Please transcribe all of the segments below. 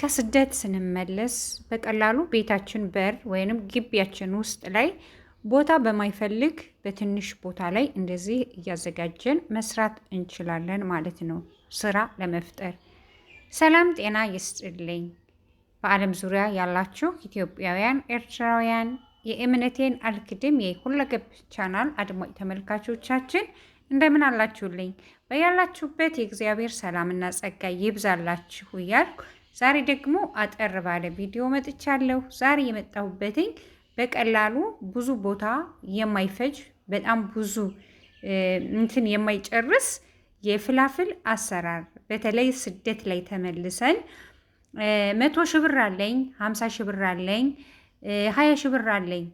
ከስደት ስንመለስ በቀላሉ ቤታችን በር ወይንም ግቢያችን ውስጥ ላይ ቦታ በማይፈልግ በትንሽ ቦታ ላይ እንደዚህ እያዘጋጀን መስራት እንችላለን ማለት ነው፣ ስራ ለመፍጠር። ሰላም ጤና ይስጥልኝ። በዓለም ዙሪያ ያላችሁ ኢትዮጵያውያን፣ ኤርትራውያን የእምነቴን አልክድም የሁለገብ ቻናል አድማጭ ተመልካቾቻችን እንደምን አላችሁልኝ? በያላችሁበት የእግዚአብሔር ሰላምና ጸጋ ይብዛላችሁ እያልኩ ዛሬ ደግሞ አጠር ባለ ቪዲዮ መጥቻለሁ። ዛሬ የመጣሁበትኝ በቀላሉ ብዙ ቦታ የማይፈጅ በጣም ብዙ እንትን የማይጨርስ የፍላፍል አሰራር በተለይ ስደት ላይ ተመልሰን መቶ ሺህ ብር አለኝ፣ ሀምሳ ሺህ ብር አለኝ፣ ሀያ ሺህ ብር አለኝ፣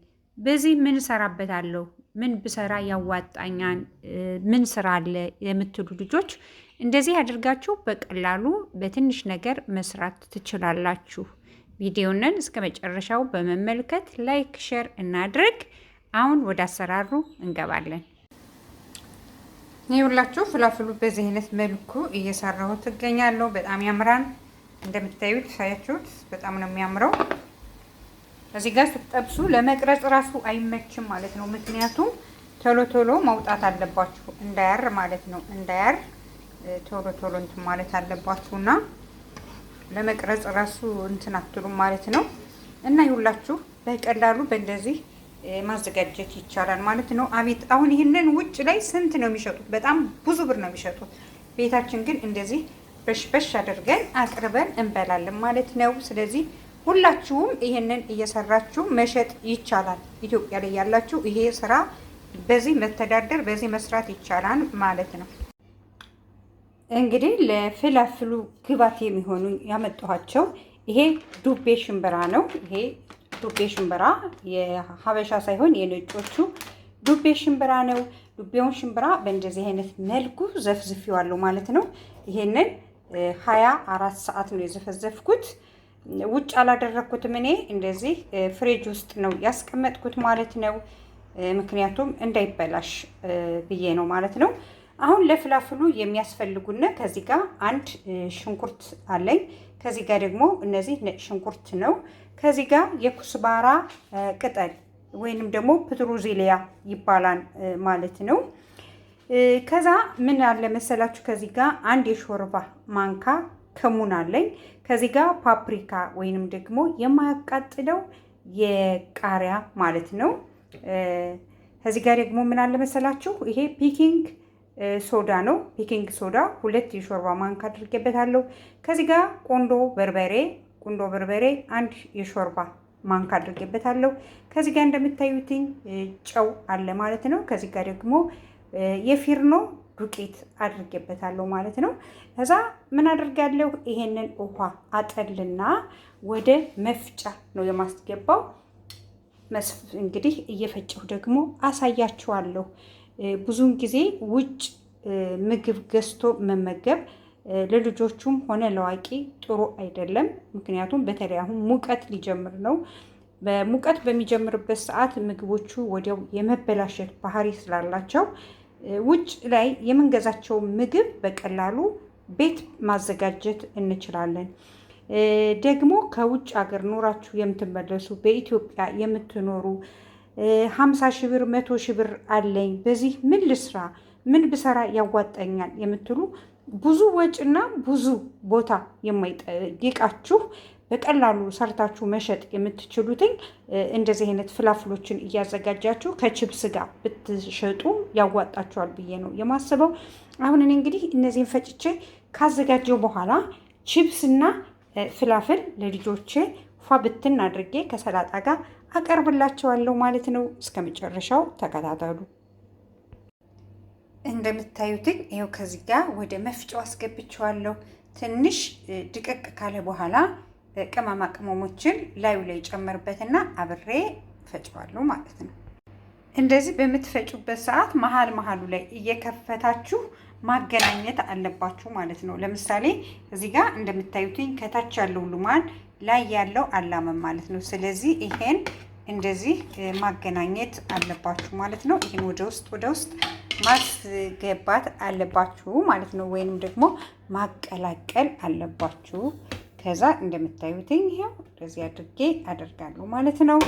በዚህ ምን እሰራበታለሁ ምን ብሰራ ያዋጣኛን፣ ምን ስራ አለ የምትሉ ልጆች እንደዚህ አድርጋችሁ በቀላሉ በትንሽ ነገር መስራት ትችላላችሁ። ቪዲዮንን እስከ መጨረሻው በመመልከት ላይክ፣ ሼር እናድርግ። አሁን ወደ አሰራሩ እንገባለን። ይህ ሁላችሁ ፍላፍሉ በዚህ አይነት መልኩ እየሰራሁ ትገኛለሁ። በጣም ያምራል። እንደምታዩት ሳያችሁት በጣም ነው የሚያምረው። እዚህ ጋር ስትጠብሱ ለመቅረጽ ራሱ አይመችም ማለት ነው። ምክንያቱም ቶሎ ቶሎ ማውጣት አለባችሁ እንዳያር ማለት ነው። እንዳያር ቶሎ ቶሎ እንትን ማለት አለባችሁ እና ለመቅረጽ ራሱ እንትን አትሉም ማለት ነው። እና ይሁላችሁ በቀላሉ በእንደዚህ ማዘጋጀት ይቻላል ማለት ነው። አቤት አሁን ይህንን ውጭ ላይ ስንት ነው የሚሸጡት? በጣም ብዙ ብር ነው የሚሸጡት። ቤታችን ግን እንደዚህ በሽበሽ አድርገን አቅርበን እንበላለን ማለት ነው። ስለዚህ ሁላችሁም ይሄንን እየሰራችሁ መሸጥ ይቻላል። ኢትዮጵያ ላይ ያላችሁ ይሄ ስራ በዚህ መተዳደር በዚህ መስራት ይቻላል ማለት ነው። እንግዲህ ለፍላፍሉ ግባት የሚሆኑ ያመጣኋቸው ይሄ ዱቤ ሽምብራ ነው። ይሄ ዱቤ ሽምብራ የሀበሻ ሳይሆን የነጮቹ ዱቤ ሽምብራ ነው። ዱቤውን ሽምብራ በእንደዚህ አይነት መልኩ ዘፍዝፌዋለሁ ማለት ነው። ይሄንን ሀያ አራት ሰዓት ነው የዘፈዘፍኩት። ውጭ አላደረግኩትም። እኔ እንደዚህ ፍሬጅ ውስጥ ነው ያስቀመጥኩት ማለት ነው። ምክንያቱም እንዳይበላሽ ብዬ ነው ማለት ነው። አሁን ለፍላፍሉ የሚያስፈልጉነ ከዚህ ጋር አንድ ሽንኩርት አለኝ። ከዚህ ጋር ደግሞ እነዚህ ነጭ ሽንኩርት ነው። ከዚህ ጋር የኩስባራ ቅጠል ወይንም ደግሞ ፕትሩዚሊያ ይባላል ማለት ነው። ከዛ ምን አለ መሰላችሁ? ከዚህ ጋር አንድ የሾርባ ማንካ ከሙን አለኝ። ከዚህ ጋር ፓፕሪካ ወይንም ደግሞ የማያቃጥለው የቃሪያ ማለት ነው። ከዚህ ጋር ደግሞ ምን አለ መሰላችሁ? ይሄ ፒኪንግ ሶዳ ነው። ፒኪንግ ሶዳ ሁለት የሾርባ ማንክ አድርጌበታለሁ። ከዚህ ጋር ቆንዶ በርበሬ ቁንዶ በርበሬ አንድ የሾርባ ማንካ አድርጌበታለሁ። ከዚህ ጋር እንደምታዩትኝ ጨው አለ ማለት ነው። ከዚህ ጋር ደግሞ የፊርኖ ዱቄት አድርጌበታለሁ ማለት ነው። ከዛ ምን አድርጋለሁ? ይሄንን ውሃ አጠልና ወደ መፍጫ ነው የማስገባው። እንግዲህ እየፈጨሁ ደግሞ አሳያችኋለሁ። ብዙውን ጊዜ ውጭ ምግብ ገዝቶ መመገብ ለልጆቹም ሆነ ለዋቂ ጥሩ አይደለም። ምክንያቱም በተለይ አሁን ሙቀት ሊጀምር ነው። በሙቀት በሚጀምርበት ሰዓት ምግቦቹ ወዲያው የመበላሸት ባህሪ ስላላቸው ውጭ ላይ የምንገዛቸው ምግብ በቀላሉ ቤት ማዘጋጀት እንችላለን። ደግሞ ከውጭ ሀገር ኖራችሁ የምትመለሱ በኢትዮጵያ የምትኖሩ ሀምሳ ሺህ ብር መቶ ሺህ ብር አለኝ በዚህ ምን ልስራ ምን ብሰራ ያዋጣኛል የምትሉ ብዙ ወጪና ብዙ ቦታ የማይጠይቃችሁ በቀላሉ ሰርታችሁ መሸጥ የምትችሉትኝ እንደዚህ አይነት ፍላፍሎችን እያዘጋጃችሁ ከችብስ ጋር ብትሸጡ ያዋጣችኋል ብዬ ነው የማስበው። አሁን እኔ እንግዲህ እነዚህን ፈጭቼ ካዘጋጀው በኋላ ችብስና ፍላፍል ለልጆቼ ፏ ብትን አድርጌ ከሰላጣ ጋር አቀርብላቸዋለሁ ማለት ነው። እስከ መጨረሻው ተከታተሉ። እንደምታዩትኝ ይኸው ከዚህ ጋር ወደ መፍጫው አስገብቸዋለሁ። ትንሽ ድቀቅ ካለ በኋላ ቅመማ ቅመሞችን ላዩ ላይ ጨምርበትና አብሬ ፈጨዋለሁ ማለት ነው። እንደዚህ በምትፈጩበት ሰዓት መሀል መሀሉ ላይ እየከፈታችሁ ማገናኘት አለባችሁ ማለት ነው። ለምሳሌ እዚህ ጋር እንደምታዩትኝ ከታች ያለው ሉማን ላይ ያለው አላመም ማለት ነው። ስለዚህ ይሄን እንደዚህ ማገናኘት አለባችሁ ማለት ነው። ይህን ወደ ውስጥ ወደ ውስጥ ማስገባት አለባችሁ ማለት ነው። ወይንም ደግሞ ማቀላቀል አለባችሁ ከዛ እንደምታዩትኝ ይሄው እንደዚህ አድርጌ አደርጋለሁ ማለት ነው።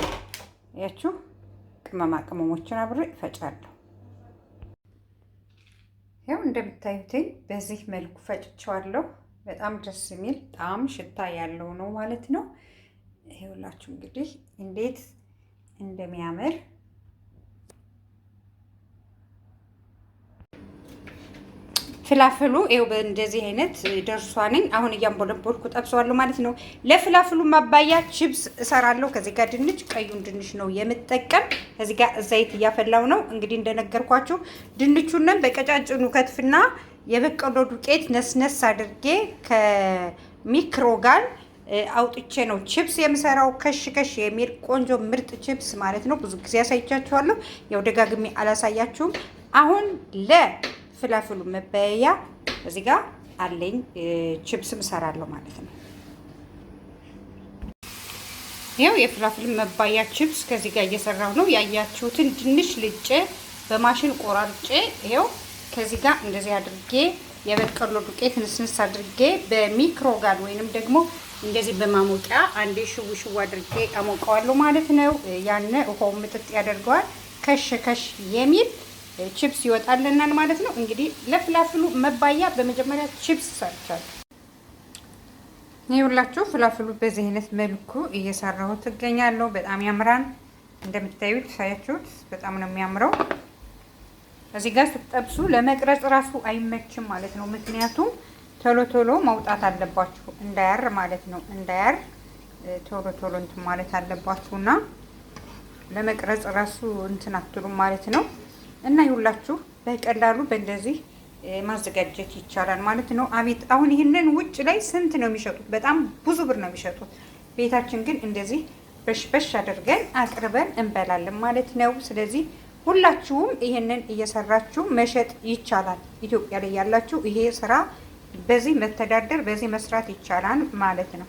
ያችሁ ቅመማ ቅመሞችን አብሬ እፈጫለሁ። ይኸው እንደምታዩትኝ በዚህ መልኩ ፈጭቸዋለሁ። በጣም ደስ የሚል ጣዕም ሽታ ያለው ነው ማለት ነው። ይኸውላችሁ እንግዲህ እንዴት እንደሚያምር ፍላፍሉ ይኸው እንደዚህ አይነት ደርሷንኝ አሁን እያንቦለቦልኩ ጠብሰዋለሁ ማለት ነው። ለፍላፍሉ ማባያ ቺፕስ እሰራለሁ። ከዚህ ጋር ድንች፣ ቀዩን ድንች ነው የምጠቀም። ከዚህ ጋር ዘይት እያፈላው ነው። እንግዲህ እንደነገርኳችሁ ድንቹንም በቀጫጭኑ ከትፍና የበቀሎ ዱቄት ነስነስ አድርጌ ከሚክሮ ጋር አውጥቼ ነው ቺፕስ የምሰራው። ከሽ ከሽ የሚል ቆንጆ ምርጥ ቺፕስ ማለት ነው። ብዙ ጊዜ አሳይቻችኋለሁ። ያው ደጋግሜ አላሳያችሁም። አሁን ለ ፍላፍሉ መበያ እዚህ ጋር አለኝ። ችፕስም እሰራለሁ ማለት ነው። ይኸው የፍላፍል መባያ ችብስ ከዚህ ጋር እየሰራሁ ነው። ያያችሁትን ድንሽ ልጬ በማሽን ቆራርጬ ይኸው ከዚህ ጋር እንደዚህ አድርጌ የበቀሎ ዱቄት ንስንስ አድርጌ በሚክሮጋድ ወይንም ደግሞ እንደዚህ በማሞቂያ አንዴ ሽው ሽው አድርጌ አሞቀዋለሁ ማለት ነው። ያን ውሃው ምጥጥ ያደርገዋል ከሽ ከሽ የሚል ችፕስ ይወጣልናል ማለት ነው። እንግዲህ ለፍላፍሉ መባያ በመጀመሪያ ቺፕስ ሰርቻለሁ። ይህ ፍላፍሉ በዚህ አይነት መልኩ እየሰራሁት እገኛለሁ። በጣም ያምራል። እንደምታዩት ሳያችሁት በጣም ነው የሚያምረው። እዚህ ጋር ስትጠብሱ ለመቅረጽ ራሱ አይመችም ማለት ነው። ምክንያቱም ቶሎ ቶሎ ማውጣት አለባችሁ እንዳያር ማለት ነው። እንዳያር ቶሎ ቶሎ እንትን ማለት አለባችሁ እና ለመቅረጽ ራሱ እንትን አትሉም ማለት ነው። እና ይውላችሁ በቀላሉ በእንደዚህ ማዘጋጀት ይቻላል ማለት ነው። አቤት አሁን ይህንን ውጭ ላይ ስንት ነው የሚሸጡት? በጣም ብዙ ብር ነው የሚሸጡት። ቤታችን ግን እንደዚህ በሽበሽ አድርገን አቅርበን እንበላለን ማለት ነው። ስለዚህ ሁላችሁም ይህንን እየሰራችሁ መሸጥ ይቻላል። ኢትዮጵያ ላይ ያላችሁ ይሄ ስራ በዚህ መተዳደር በዚህ መስራት ይቻላል ማለት ነው።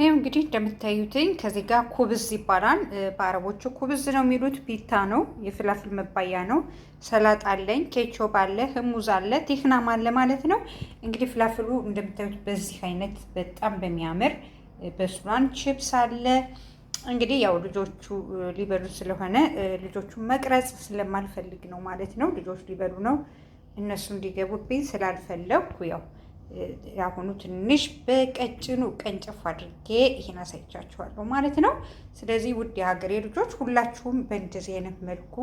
ይህም እንግዲህ እንደምታዩትኝ ከዚህ ጋር ኩብዝ ይባላል። በአረቦቹ ኩብዝ ነው የሚሉት። ቢታ ነው የፍላፍል መባያ ነው። ሰላጣ አለኝ፣ ኬቾፕ አለ፣ ህሙዝ አለ፣ ቴክናም አለ ማለት ነው። እንግዲህ ፍላፍሉ እንደምታዩት በዚህ አይነት በጣም በሚያምር በሱራን ቺፕስ አለ። እንግዲህ ያው ልጆቹ ሊበሉ ስለሆነ ልጆቹ መቅረጽ ስለማልፈልግ ነው ማለት ነው። ልጆቹ ሊበሉ ነው እነሱ እንዲገቡብኝ ስላልፈለግኩ ያው ያሁኑ ትንሽ በቀጭኑ ቀንጨፍ አድርጌ ይህን አሳይቻችኋለሁ ማለት ነው። ስለዚህ ውድ የሀገሬ ልጆች ሁላችሁም በእንደዚህ አይነት መልኩ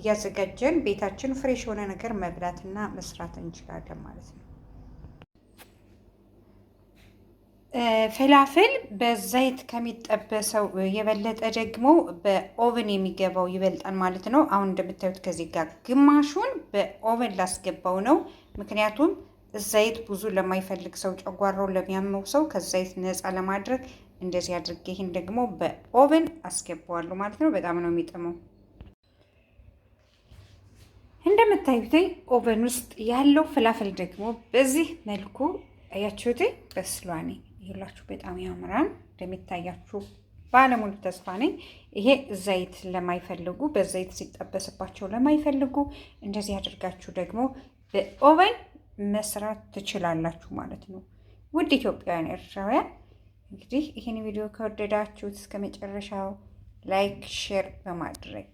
እያዘጋጀን ቤታችን ፍሬሽ የሆነ ነገር መብላትና መስራት እንችላለን ማለት ነው። ፈላፍል በዘይት ከሚጠበሰው የበለጠ ደግሞ በኦቨን የሚገባው ይበልጣል ማለት ነው። አሁን እንደምታዩት ከዚህ ጋር ግማሹን በኦቨን ላስገባው ነው ምክንያቱም ዘይት ብዙ ለማይፈልግ ሰው፣ ጨጓራው ለሚያመው ሰው ከዘይት ነፃ ለማድረግ እንደዚህ አድርጌ ይህን ደግሞ በኦቨን አስገባዋለሁ ማለት ነው። በጣም ነው የሚጥመው። እንደምታዩትኝ ኦቨን ውስጥ ያለው ፍላፍል ደግሞ በዚህ መልኩ አያችሁትኝ በስሏኔ ይላችሁ በጣም ያምራል። እንደሚታያችሁ ባለሙሉ ተስፋ ነኝ። ይሄ ዘይት ለማይፈልጉ በዘይት ሲጠበስባቸው ለማይፈልጉ እንደዚህ አድርጋችሁ ደግሞ በኦቨን መስራት ትችላላችሁ ማለት ነው። ውድ ኢትዮጵያውያን ኤርትራውያን እንግዲህ ይህን ቪዲዮ ከወደዳችሁት እስከ መጨረሻው ላይክ፣ ሼር በማድረግ